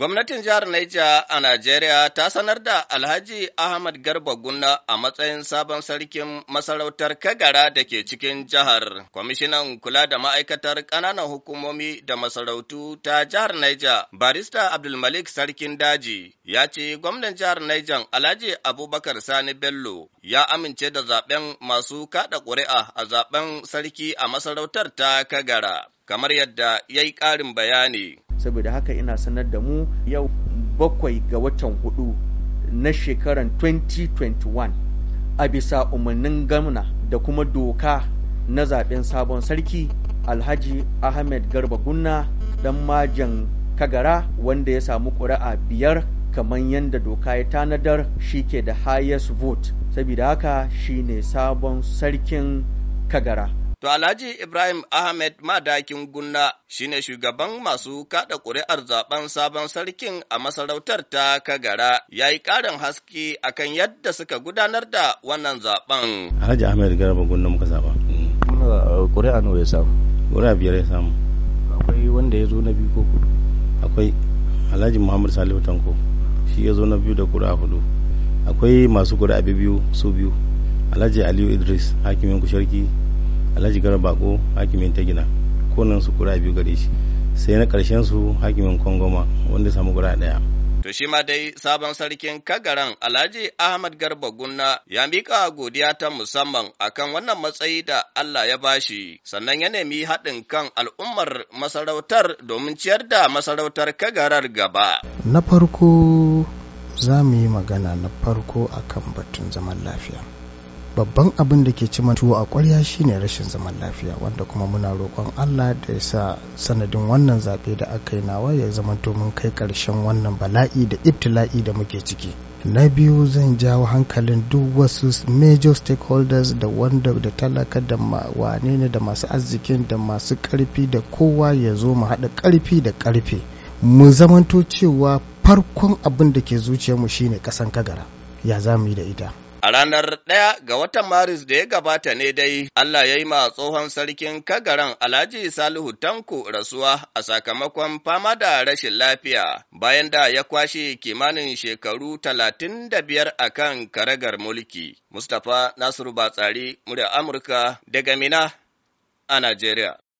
Gwamnatin jihar Naija a Najeriya ta sanar da Alhaji Ahmad Garba Gunna a matsayin sabon sarkin masarautar Kagara da ke cikin jihar. Kwamishinan kula da ma'aikatar ƙananan hukumomi da masarautu ta jihar Naija, Barista Abdulmalik Sarkin Daji, ya ce gwamnan jihar Naija Alhaji Abubakar Sani Bello ya amince da zaben masu kaɗa ƙuri'a a zaben sarki a masarautar ta Kagara. Kamar yadda ya yi ƙarin bayani, saboda haka ina sanar da mu yau bakwai ga watan hudu na shekaran 2021 a bisa umarnin gamna da kuma doka na zaben sabon sarki alhaji ahmed garba gunna dan majan kagara wanda ya samu ƙuri'a biyar kamar yadda doka ya tanadar shi ke da highest vote saboda haka shine sabon sarkin kagara To Alhaji Ibrahim Ahmed Madakin Gunna shine shugaban masu kada ƙuri'ar zaben sabon sarkin a masarautar ta Kagara ya yi ƙarin haske akan yadda suka gudanar da wannan zaben. Alhaji Ahmed Garba Gunna muka zaba. Eh, ƙuri'a nawa ya samu? Ƙuri'a biyar ya samu. Akwai wanda ya zo na biyu ko Akwai Alhaji Muhammad Salihu Tanko shi ya zo na biyu da ƙuri'a hudu. Akwai masu ƙuri'a biyu su biyu. Alhaji Aliyu Idris hakimin kusharki alhaji gara bako hakimin ta gina nan su kura biyu gare shi sai na karshen su hakimin kongoma wanda samu kura daya To shi ma dai sabon sarkin kagaran Alhaji Ahmad Garba Gunna ya miƙa godiya ta musamman akan wannan matsayi da Allah ya bashi, sannan ya nemi haɗin kan al'ummar masarautar domin ciyar da masarautar kagarar gaba. Na farko za mu yi magana na farko akan batun zaman lafiya. babban abin da ke ci tuwo a kwarya shine rashin zaman lafiya wanda kuma muna roƙon Allah da ya sa sanadin wannan zaɓe da aka yi nawa ya zama mun kai ƙarshen wannan bala'i da ibtila'i da muke ciki. Na biyu zan jawo hankalin duk wasu major stakeholders da wanda da talaka da wane ne da masu arzikin da masu ƙarfi da kowa ya zo mu haɗa ƙarfi da ƙarfe. Mu zamanto cewa farkon abin da ke zuciyarmu shine ƙasan kagara ya za mu yi da ita. A ranar ɗaya ga watan Maris da ya gabata ne dai, Allah ya yi ma tsohon sarkin kagaran Alhaji Salihu Tanko rasuwa a sakamakon fama da rashin lafiya, bayan da ya kwashe kimanin shekaru talatin da biyar a kan karagar mulki. Mustapha Nasiru Batsari, murya Amurka, daga Mina a Najeriya.